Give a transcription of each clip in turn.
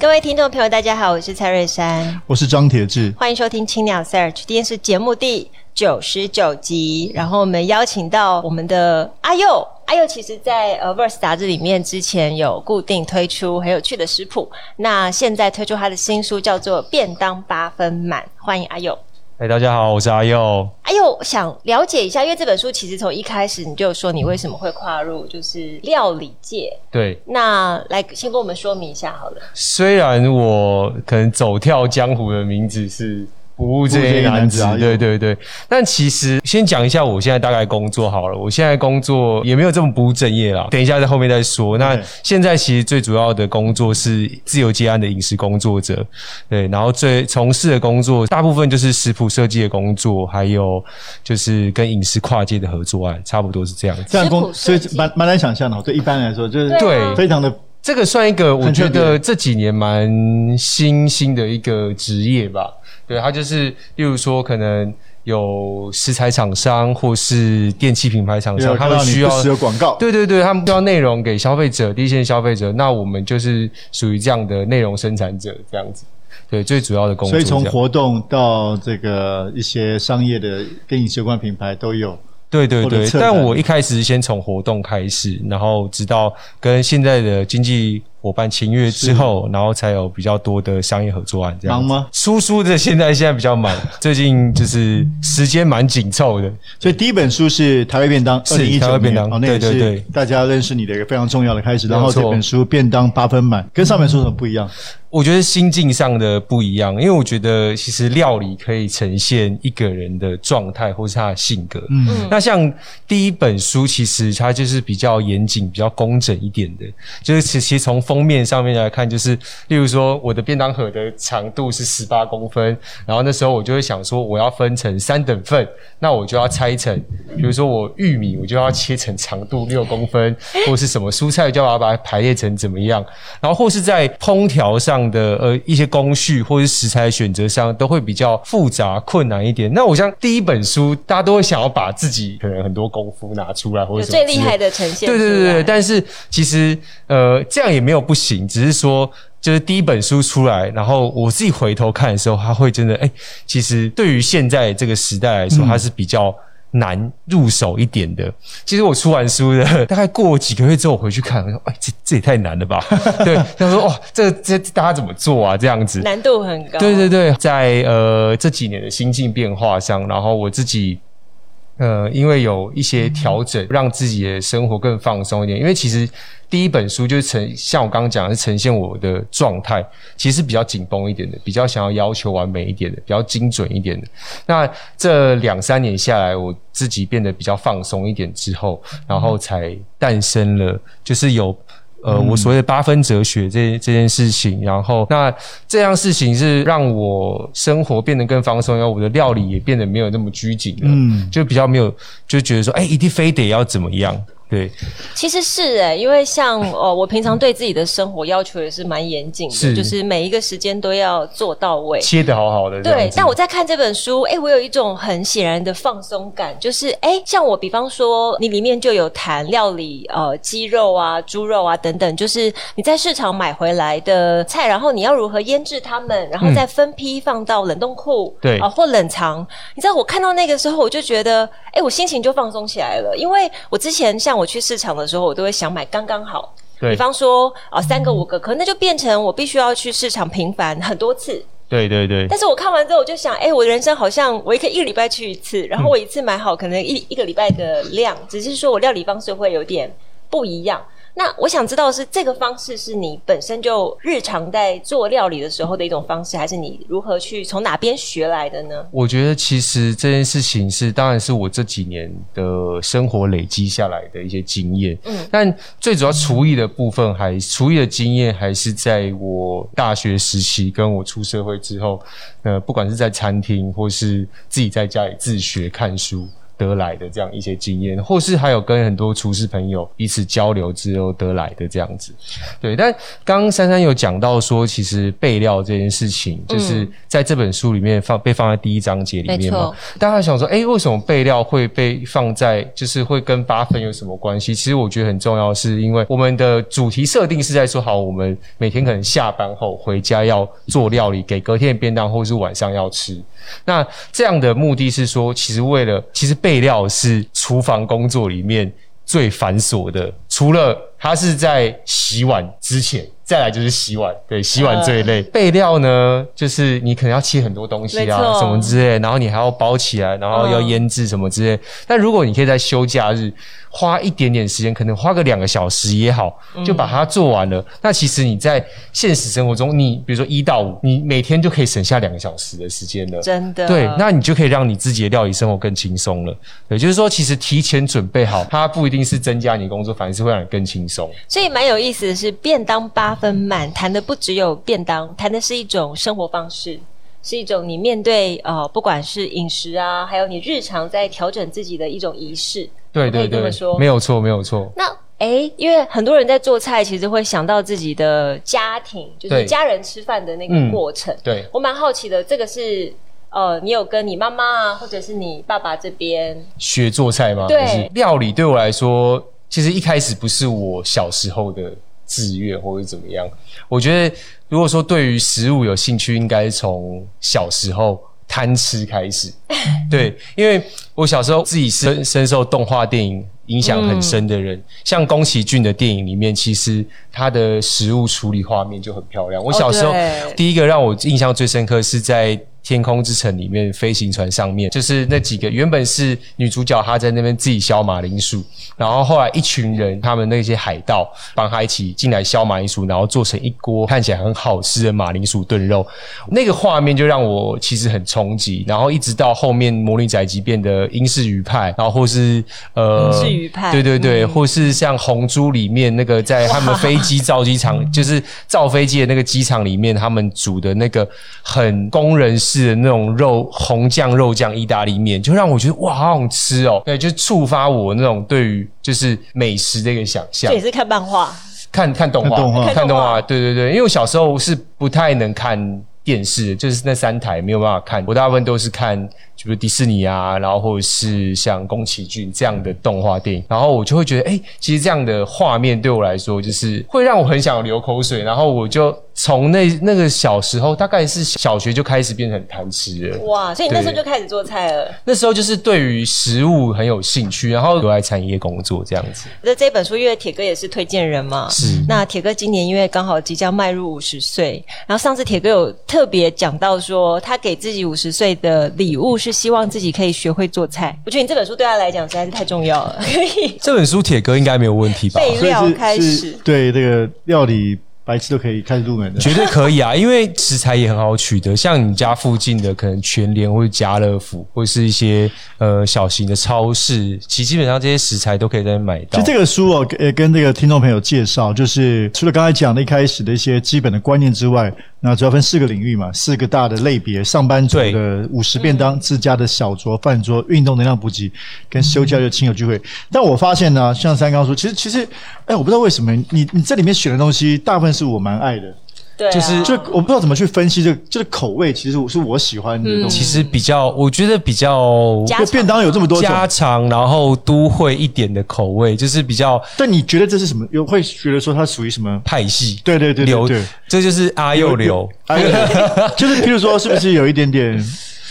各位聽眾朋友，大家好，我是蔡瑞珊，我是張鐵志，歡迎收聽青鳥 search，今天是節目第九十九集，然後我們邀請到我們的阿佑，阿佑其實在呃 verse 雜誌裡面之前有固定推出很有趣的食譜，那現在推出他的新書叫做《便當八分滿》，歡迎阿佑。哎、欸，大家好，我是阿佑。阿、哎、佑，想了解一下，因為這本書其實從一開始你就說你為什麼會跨入就是料理界？對、嗯，那來先跟我們說明一下好了。雖然我可能走跳江湖的名字是。不務正業男子啊！對對對，但其實先講一下，我現在大概工作好了。我現在工作也沒有這麼不務正業啦，等一下在後面再說。那現在其實最主要的工作是自由接案的飲食工作者，對。然後最從事的工作大部分就是食譜設計的工作，還有就是跟飲食跨界的合作案，差不多是這樣子。這樣工作，所以蠻蠻難想象的。對，一般來說就是對，非常的這個算一個，我覺得這幾年蠻新興的一個職業吧。對，它就是，例如說，可能有食材廠商或是電器品牌廠商，他們需要廣告。對對對，他們需要內容給消費者、第一線消費者，那我們就是屬於這樣的內容生產者這樣子。對，最主要的工作。所以從活動到這個一些商業的跟相關品牌都有。對對對，但我一開始先從活動開始，然後直到跟現在的經濟。伙伴簽約之後，然後才有比較多的商業合作案這樣。忙嗎？書書的現在現在比較忙， 最近就是時間蠻緊湊的。所以第一本書是《台灣便當》是，二零一九年台灣便當哦，那也是大家認識你的一個非常重要的開始。對對對。然後這本書《便當八分滿》跟上面說什麼不一樣？嗯。我覺得心境上的不一樣，因為我覺得其實料理可以呈現一個人的狀態或是他的性格。嗯，那像第一本書，其實它就是比較嚴謹、比較工整一點的，就是其實從。封面上面來看，就是例如說，我的便當盒的長度是十八公分，然後那時候我就會想說，我要分成三等份，那我就要拆成，比如說我玉米，我就要切成長度六公分，或是什麼蔬菜，就要把它排列成怎麼樣，然後或是在烹調上的呃一些工序，或是食材的選擇上，都會比較複雜困難一點。那我像第一本書，大家都會想要把自己可能很多功夫拿出來，或者什麼，最厲害的呈現。對對對對，但是其實呃這樣也沒有。不行，只是說，就是第一本書出來，然後我自己回頭看的時候，他會真的哎、欸，其實對於現在這個時代來說，它是比較難入手一點的。嗯、其實我出完書的，大概過幾個月之後我回去看，說，哎、欸，這這也太難了吧？ 對，他說哦，這這大家怎麼做啊？這樣子難度很高。對對對，在呃這幾年的心境變化上，然後我自己。呃，因為有一些調整、嗯，讓自己的生活更放鬆一點。因為其實第一本書就是呈，像我剛剛講的是呈現我的狀態，其實是比較緊繃一點的，比較想要要求完美一點的，比較精準一點的。那這兩三年下來，我自己變得比較放鬆一點之後，嗯、然後才誕生了，就是有。呃、嗯，我所謂的八分哲學這這件事情，然後那這樣事情是讓我生活變得更放鬆，然後我的料理也變得沒有那麼拘謹了，嗯，就比較沒有就覺得說，哎、欸，一定非得要怎麼樣。對，其實是哎、欸，因為像呃我平常對自己的生活要求也是蠻嚴謹的是，就是每一個時間都要做到位，切得好好的。對，但我在看這本書，哎、欸，我有一種很顯然的放鬆感，就是哎、欸，像我，比方說，你裡面就有談料理，呃，雞肉啊、豬肉啊等等，就是你在市場買回來的菜，然後你要如何醃製它們，然後再分批放到冷凍庫，對、嗯，啊、呃，或冷藏。你知道，我看到那個時候，我就覺得，哎、欸，我心情就放鬆起來了，因為我之前像。我去市場的時候，我都會想買剛剛好，對，比方說啊三個五個，嗯、可能那就變成我必須要去市場頻繁很多次。對對對。但是我看完之後，我就想，哎、欸，我的人生好像我也可以一個禮拜去一次，然後我一次買好，嗯、可能一一個禮拜的量， 只是說我料理方式會有點不一樣。那我想知道的是，這個方式是你本身就日常在做料理的時候的一種方式，還是你如何去從哪邊學來的呢？我覺得其實這件事情是，當然是我這幾年的生活累積下來的一些經驗。嗯，但最主要廚藝的部分還，還廚藝的經驗，還是在我大學時期跟我出社會之後，呃，不管是在餐廳或是自己在家裡自學看書。得來的這樣一些經驗，或是還有跟很多廚師朋友彼此交流之後得來的這樣子，對。但剛剛珊珊有講到說，其實備料這件事情，就是在這本書裡面放、嗯、被放在第一章節裡面嘛。大家想說，哎、欸，為什麼備料會被放在，就是會跟八分有什麼關係？其實我覺得很重要，是因為我們的主題設定是在說，好，我們每天可能下班後回家要做料理，給隔天的便當，或是晚上要吃。那這樣的目的是說，其實為了其實備配料是廚房工作裡面最繁瑣的，除了。它是在洗碗之前，再來就是洗碗，對，洗碗最累。備料呢，就是你可能要切很多東西啊，什麼之類，然後你還要包起來，然後要醃制什麼之類。嗯、但如果你可以在休假日花一點點時間，可能花個兩個小時也好，就把它做完了，嗯。那其實你在現實生活中，你比如說一到五，你每天就可以省下兩個小時的時間了。真的，對，那你就可以讓你自己的料理生活更輕鬆了。也就是說，其實提前準備好，它不一定是增加你工作，反而是會讓你更輕。所以蠻有意思的是，便當八分滿談的不只有便當，談的是一種生活方式，是一種你面對呃，不管是飲食啊，還有你日常在調整自己的一種儀式。對對對，說沒有錯，沒有錯。那哎、欸，因為很多人在做菜，其實會想到自己的家庭，就是家人吃飯的那個過程。對，我蠻好奇的，這個是呃，你有跟你媽媽啊，或者是你爸爸這邊學做菜嗎？對，就是、料理對我來說。其實一開始不是我小時候的志願，或者是怎麼樣。我覺得，如果說對於食物有興趣，應該從小時候貪吃開始。 對，因為我小時候自己深深受動畫電影影響很深的人，嗯、像宮崎駿的電影裡面，其實他的食物處理畫面就很漂亮。我小時候、oh, 第一個讓我印象最深刻是在。天空之城裡面，飛行船上面就是那幾個原本是女主角，她在那邊自己削馬鈴薯，然後後來一群人，他們那些海盜幫她一起進來削馬鈴薯，然後做成一鍋看起來很好吃的馬鈴薯燉肉，那個畫面就讓我其實很衝擊。然後一直到後面魔女宅急便的英式魚派，然後或是呃，英式魚派，對對對，嗯、或是像紅豬裡面那個在他們飛機造機場，就是造飛機的那個機場裡面，他們煮的那個很工人。是的那種肉紅醬肉醬意大利麵，就讓我覺得哇，好好吃哦！對，就觸發我那種對於就是美食的一個想象。這也是看漫畫，看看動畫，看動畫。對對對，因為我小時候是不太能看電視，就是那三台沒有辦法看，我大部分都是看，就比如迪士尼啊，然後或者是像宮崎駿這樣的動畫電影，然後我就會覺得，哎，其實這樣的畫面對我來說，就是會讓我很想流口水，然後我就。從那那個小時候，大概是小學就開始變成很貪吃了。哇！所以你那時候就開始做菜了。那時候就是對於食物很有興趣，然後有愛產業工作這樣子。那這本書因為鐵哥也是推薦人嘛，是。那鐵哥今年因為剛好即將邁入五十歲，然後上次鐵哥有特別講到說，他給自己五十歲的禮物是希望自己可以學會做菜。我覺得你這本書對他來講實在是太重要了。可以。這本書鐵哥應該沒有問題吧？ 配料開始，對，這個料理。白痴都可以開始入門的，絕對可以啊！ 因為食材也很好取得，像你家附近的可能全聯或者家樂福，或者是一些呃小型的超市，其實基本上這些食材都可以在買到。其實這個書哦，呃，跟這個聽眾朋友介紹，就是除了剛才講的一開始的一些基本的觀念之外，那主要分四個領域嘛，四個大的類別：上班族的五十便當、自家的小桌、嗯、飯桌、運動能量補給，跟休假的親友聚會、嗯。但我發現呢、啊，像三剛說，其實其實，哎、欸，我不知道為什麼你你這裡面選的東西大部分是。是我蠻愛的，對啊，就是就我不知道怎麼去分析這個這個，就是，口味，其實我是我喜歡的東西，嗯、其實比較我覺得比較就便當有這麼多家常，就是，家常，然後都會一點的口味，就是比較。但你覺得這是什麼？有，會覺得說它屬於什麼派系？對對對，對，對，流對。這就是阿幼流，阿幼。流流流流 就是比如說是不是有一點點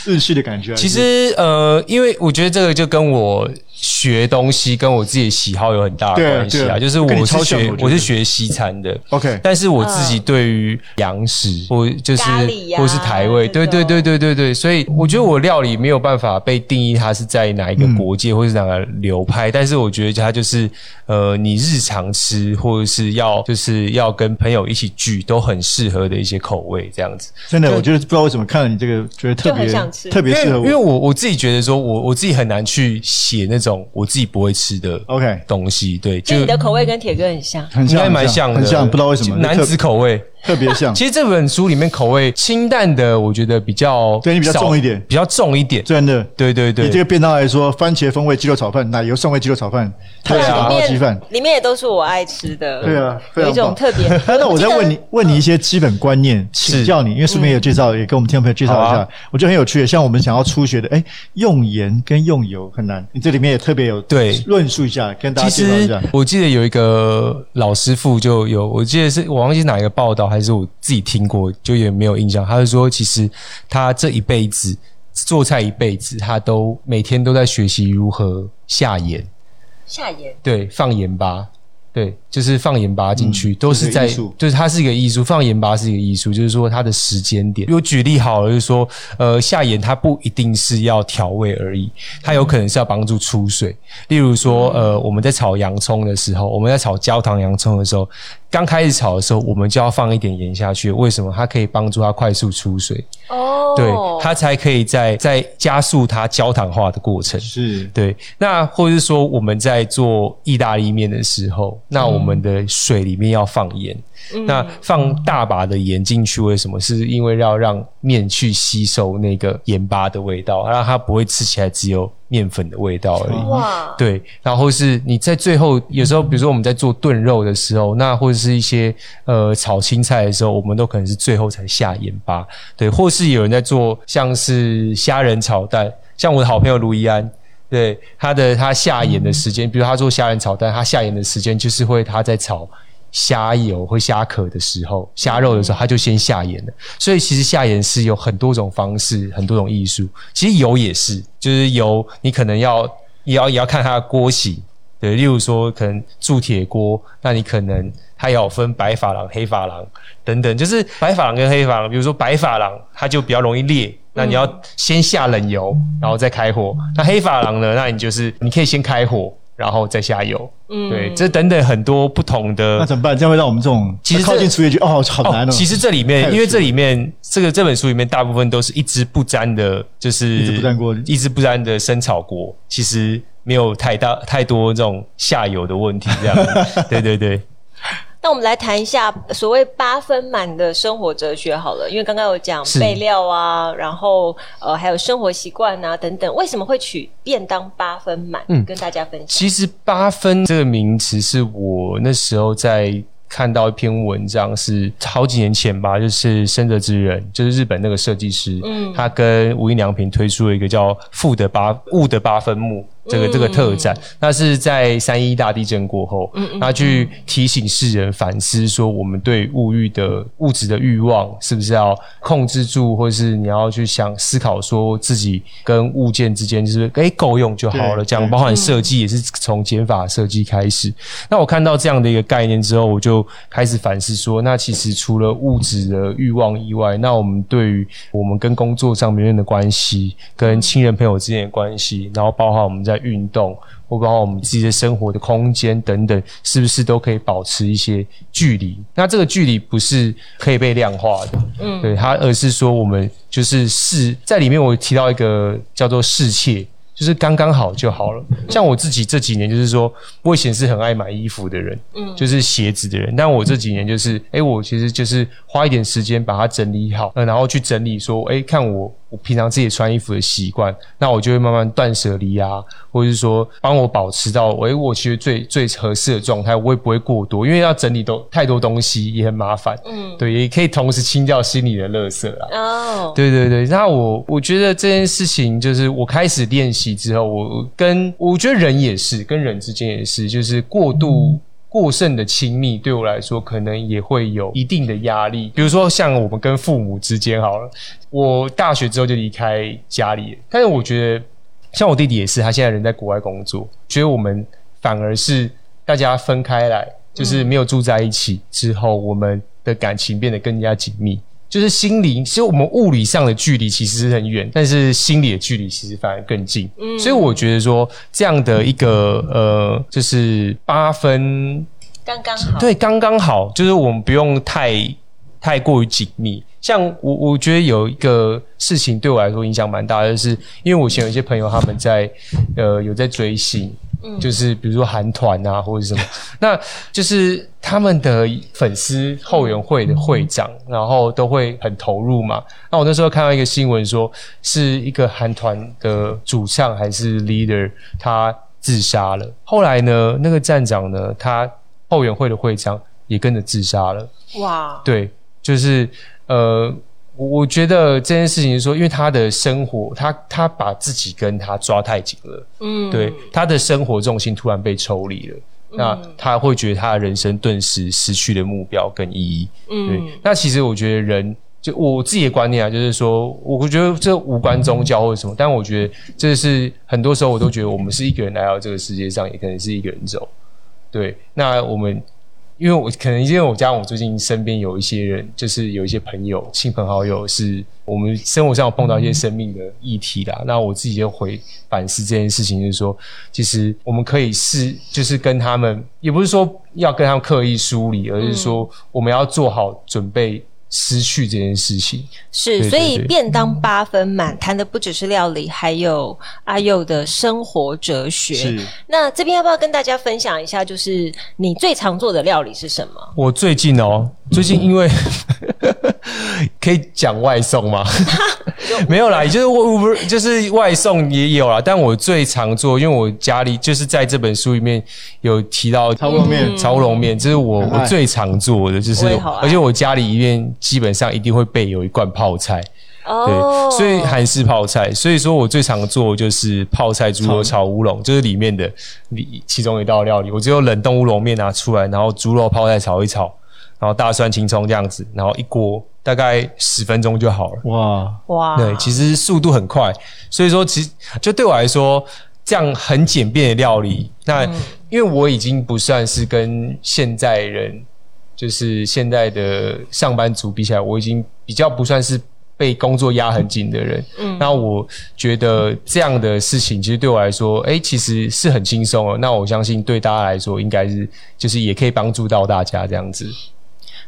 日系的感覺？其實呃，因為我覺得這個就跟我。學東西跟我自己的喜好，有很大的關係啊，就是我是學超我，我是學西餐的，OK，但是我自己對於洋食或就是、啊、或是台味，對對對對對對，所以我覺得我料理沒有辦法被定義它是在哪一個國界或是哪個流派、嗯，但是我覺得它就是呃，你日常吃或者是要就是要跟朋友一起聚都很適合的一些口味這樣子，真的，我覺得不知道為什麼看到你這個覺得特別，特別適合我因為，因為我我自己覺得說我我自己很難去寫那種。我自己不會吃的東西、Okay. 對，就、欸、你的口味跟鐵哥很像，應該蠻像的，很像很像，不知道為什麼，男子口味。特別像， 其實這本書裡面口味清淡的，我覺得比較少，對你比較重一點，比較重一點，真的，對對對。以這個便當來說，番茄風味雞肉炒飯、奶油風味雞肉炒飯、泰式、啊啊、炒雞飯，裡面也都是我愛吃的，對啊，有一種特別、嗯。 那我再問你，問你一些基本觀念，請教你，因為書裡面有介紹、嗯，也給我們聽眾朋友介紹一下、啊，我覺得很有趣。像我們想要初學的，哎、欸，用鹽跟用油很難，你這裡面也特別有對論述一下，跟大家介紹一下。我記得有一個老師傅就有，我記得是我忘記哪一個報道。還是我自己聽過，就也沒有印象。他就說，其實他這一輩子做菜一輩子，一輩子他都每天都在學習如何下鹽，下鹽，對，放鹽吧。對，就是放鹽巴進去、嗯，都是在，就是它是一個藝術，放鹽巴是一個藝術，就是說它的時間點。比如舉例好了，就是說，呃，下鹽它不一定是要調味而已，它有可能是要幫助出水、嗯。例如說，呃，我們在炒洋蔥的時候，我們在炒焦糖洋蔥的時候，剛開始炒的時候，我們就要放一點鹽下去。為什麼？它可以幫助它快速出水。哦，對，它才可以再再加速它焦糖化的過程。是，對。那或者是說，我們在做意大利麵的時候。那我們的水裡面要放鹽、嗯，那放大把的鹽進去，為什麼、嗯？是因為要讓麵去吸收那個鹽巴的味道，讓它不會吃起來只有麵粉的味道而已。哇。對，然後是你在最後有時候，比如說我們在做燉肉的時候，那或者是一些呃炒青菜的時候，我們都可能是最後才下鹽巴。對，或是有人在做像是蝦仁炒蛋，像我的好朋友盧怡安。對，他的，他下鹽的時間，比如他做蝦仁炒蛋，他下鹽的時間就是會他在炒蝦油或蝦殼的時候，蝦肉的時候，他就先下鹽了。所以其實下鹽是有很多種方式，很多種藝術。其實油也是，就是油你可能要也要也要看它的鍋型。對，例如說可能鑄鐵鍋，那你可能。它要分白珐琅、黑珐琅等等，就是白珐琅跟黑珐琅，比如說白珐琅，它就比較容易裂，嗯，那你要先下冷油，然後再開火。那黑珐琅呢？那你就是你可以先開火，然後再下油。嗯，對，這等等很多不同的。那怎麼辦？這樣會讓我們這種其實這靠近廚藝區哦，好難哦，哦。其實這裡面，因為這裡面這個這本書裡面大部分都是一支不沾的，就是一支不沾鍋，一支不沾的生炒鍋，其實沒有太大太多這種下油的問題。這樣子， 對對對。那我們來談一下所謂八分滿的生活哲學好了，因為剛剛有講備料啊，然後呃還有生活習慣啊等等，為什麼會取便當八分滿？嗯，跟大家分享。其實八分這個名詞是我那時候在看到一篇文章，是好幾年前吧，就是深澤直人，就是日本那個設計師，嗯，他跟無印良品推出了一個叫富的八物的八分目。這個這個特展，那是在三一大地震過後，嗯，那去提醒世人反思說，我們對物慾的物質的慾望是不是要控制住，或是你要去想思考說自己跟物件之間，就是哎，夠用就好了。這樣，包含設計也是從減法設計開始。那我看到這樣的一個概念之後，我就開始反思說，那其實除了物質的慾望以外，那我們對於我們跟工作上面的關係，跟親人朋友之間的關係，然後包含我們在運動，或包括我們自己的生活的空間等等，是不是都可以保持一些距離？那這個距離不是可以被量化的，嗯，對它，而是說我們就是是，在裡面。我提到一個叫做適切，就是剛剛好就好了。像我自己這幾年，就是說，不會顯示很愛買衣服的人，嗯，就是鞋子的人。但我這幾年就是，哎、欸，我其實就是花一點時間把它整理好，嗯、呃，然後去整理說，哎、欸，看我。我平常自己穿衣服的習慣，那我就會慢慢斷捨離啊，或者是說幫我保持到，欸，我其實最最合適的狀態，我也不會過多，因為要整理多太多東西也很麻煩。嗯，對，也可以同時清掉心裡的垃圾啊。哦，對對對，那我我覺得這件事情就是我開始練習之後，我跟我覺得人也是，跟人之間也是，就是過度，嗯。過剩的親密對我來說，可能也會有一定的壓力。比如說，像我們跟父母之間好了，我大學之後就離開家裡了，但是我覺得，像我弟弟也是，他現在人在國外工作，所以我們反而是大家分開來，就是沒有住在一起之後，我們的感情變得更加緊密。就是心理，其實我們物理上的距離其實是很遠，但是心理的距離其實反而更近。嗯，所以我覺得說這樣的一個呃，就是八分，剛剛好，對，剛剛好，就是我們不用太太過於緊密。像我，我覺得有一個事情對我來說影響蠻大的，就是因為我以前有一些朋友他們在呃有在追星。就是比如說韓團啊，或者什麼， 那就是他們的粉絲後援會的會長、嗯，然後都會很投入嘛。那我那時候看到一個新聞，說是一個韓團的主唱還是 leader，他自殺了。後來呢，那個站長呢，他後援會的會長也跟着自殺了。哇，對，就是呃。我覺得這件事情是說，因為他的生活，他他把自己跟他抓太緊了，嗯，對，他的生活重心突然被抽離了，嗯，那他會覺得他的人生頓時失去了目標跟意義，對，嗯，那其實我覺得人，就我自己的觀念啊，就是說，我覺得這無關宗教或什麼，嗯，但我覺得這是很多時候我都覺得我們是一個人來到這個世界上， 也可能是一個人走，對，那我們。因為我可能因為我家，我最近身邊有一些人，就是有一些朋友、親朋好友，是我們生活上有碰到一些生命的議題啦，啊嗯。那我自己就會反思這件事情，就是說，其實我們可以試，就是跟他們，也不是說要跟他們刻意梳理，而是說我們要做好準備。失去這件事情是，所以便當八分滿談的不只是料理，還有阿佑的生活哲學。是。那這邊要不要跟大家分享一下？就是你最常做的料理是什麼？我最近哦。最近因為 可以講外送嗎？ 沒有啦，就是我不是，就是外送也有啦。但我最常做，因為我家裡就是在這本書裡面有提到炒烏龍麵，炒烏龍麵，這是我我最常做的，就是而且我家裡裡面基本上一定會備有一罐泡菜，對，所以韓式泡菜。所以說我最常做就是泡菜豬肉炒烏龍，就是裡面的裡其中一道料理。我只有冷凍烏龍麵拿出來，然後豬肉泡菜炒一炒。然後大蒜、青蔥這樣子，然後一鍋大概十分鐘就好了。哇哇！對哇，其實速度很快，所以說其實就對我來說，這樣很簡便的料理。嗯、那因為我已經不算是跟現在人，就是現在的上班族比起來，我已經比較不算是被工作壓很緊的人。嗯。那我覺得這樣的事情，其實對我來說，誒、欸、其實是很輕鬆了，那我相信對大家來說，應該是就是也可以幫助到大家這樣子。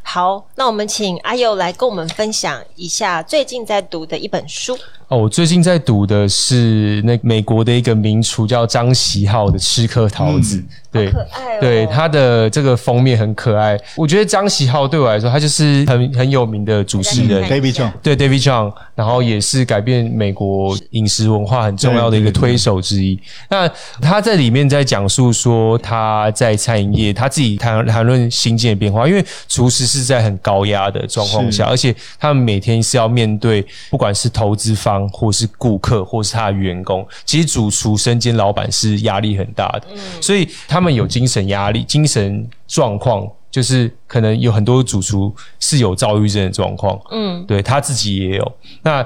好，那我們請阿佑來跟我們分享一下最近在讀的一本書。哦，我最近在讀的是那美國的一個名廚叫張喜浩的《吃顆桃子》，嗯，對可愛。哦，對，他的這個封面很可愛。我覺得張喜浩對我來說，他就是很很有名的主持人、啊、人 David Chang 對 David Chang 然後也是改變美國飲食文化很重要的一個推手之一。那他在裡面在講述說他在餐飲業，他自己談談論心境的變化，因為廚師是在很高壓的狀況下，而且他們每天是要面對不管是投資方。或是顧客，或是他的員工，其實主廚、身兼老闆是壓力很大的，嗯，所以他們有精神壓力，精神狀況就是可能有很多主廚是有躁鬱症的狀況，嗯，對，他自己也有，那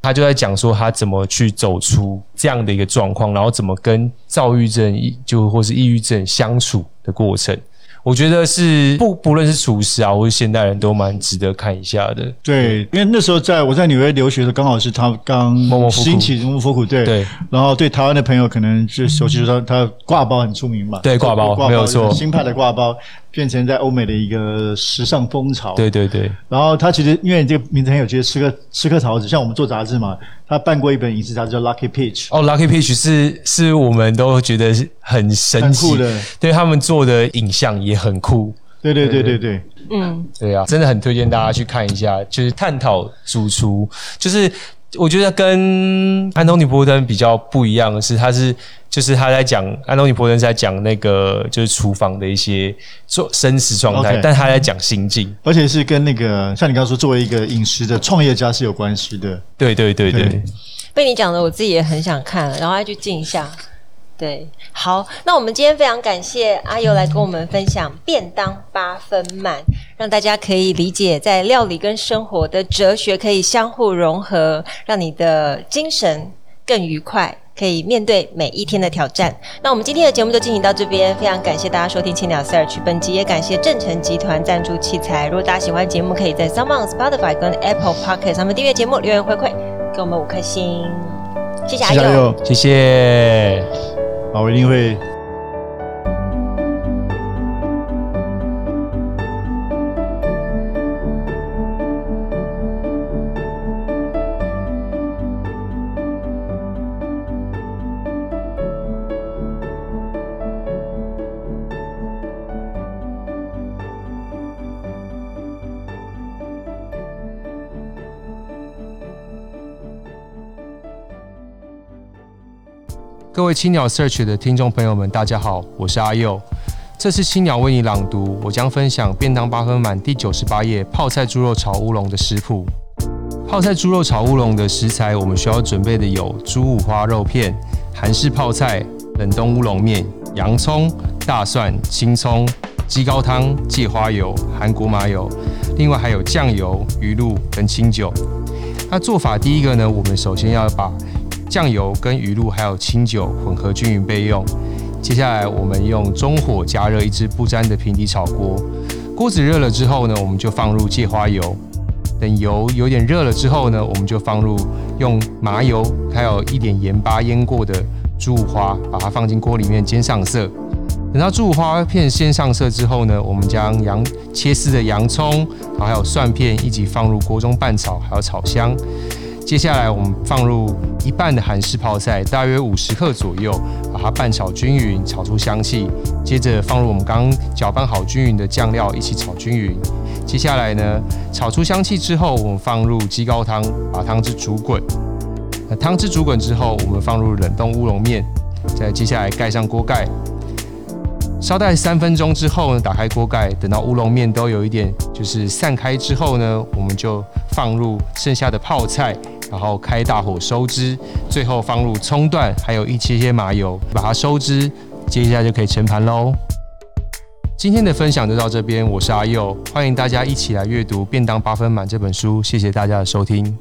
他就在講說他怎麼去走出這樣的一個狀況，然後怎麼跟躁鬱症就或是抑鬱症相處的過程。我覺得是不不論是廚師啊，或是現代人都蠻值得看一下的。對，因為那時候在我在紐約留學的時候，剛好是他剛新起中復古，對，然後對台灣的朋友可能就熟悉說他、嗯、他掛包很出名嘛，對，掛包，掛包沒有錯，就是、新派的掛包變成在歐美的一個時尚風潮。對對對，然後他其實因為這個名字很有趣，趣實吃個吃個桃子，像我們做雜誌嘛。他辦過一本雜誌，他叫《Lucky Peach》。哦，《Lucky Peach》是是我們都覺得很神奇很酷的，對他們做的影像也很酷。對對對對對,對,對,對，嗯，對啊，真的很推薦大家去看一下，就是探討主廚。就是我覺得跟安東尼波登比較不一樣的是，他是。就是他在講安東尼波登在講那個就是廚房的一些做生死狀態，okay, 但他在講心境、嗯，而且是跟那個像你剛剛說，作為一個飲食的創業家是有關係的。對，對對對對，被你講的我自己也很想看然後去靜一下。對，好，那我們今天非常感謝 Ayo 來跟我們分享便當八分滿，讓大家可以理解在料理跟生活的哲學可以相互融合，讓你的精神更愉快。可以面對每一天的挑戰。那我們今天的節目就進行到這邊，非常感謝大家收聽《青鳥 search 本集，也感謝正成集團贊助器材。如果大家喜歡的節目，可以在 SoundOn Spotify 跟 Apple Podcast 上面訂閱節目，留言回饋，給我們五顆星。謝謝 Ayo，加油，謝謝，我一定會。各位青鳥 Search 的聽眾朋友們，大家好，我是阿佑。這是青鳥為你朗讀，我將分享《便當八分滿》第九十八頁泡菜豬肉炒烏龍的食譜。泡菜豬肉炒烏龍的食材，我們需要準備的有豬五花肉片、韓式泡菜、冷凍烏龍麵、洋蔥、大蒜、青蔥、雞高湯、芥花油、韓國麻油，另外還有醬油、魚露跟清酒。那做法第一個呢，我們首先要把。醬油跟魚露還有清酒混合均勻備用。接下來，我們用中火加熱一支不粘的平底炒鍋。鍋子熱了之後呢，我們就放入芥花油。等油有點熱了之後呢，我們就放入用麻油還有一點鹽巴醃過的豬五花，把它放進鍋裡面煎上色。等到豬五花片先上色之後呢，我們將洋切絲的洋蔥還有蒜片一起放入鍋中拌炒，還有炒香。接下來我們放入一半的韓式泡菜，大約五十克左右，把它拌炒均勻，炒出香氣。接着放入我們剛剛攪拌好均勻的醬料，一起炒均勻。接下來呢，炒出香氣之後，我們放入雞高湯，把湯汁煮滾。那湯汁煮滾之後，我們放入冷凍烏龍麵，再接下來蓋上鍋蓋，稍待三分鐘之後呢，打開鍋蓋，等到烏龍面都有一點就是散開之後呢，我們就放入剩下的泡菜。然後開大火收汁，最後放入蔥段，還有一些些麻油，把它收汁，接下來就可以盛盤嘍。今天的分享就到這邊，我是阿佑，歡迎大家一起來閱讀《便當八分滿》這本書，謝謝大家的收聽。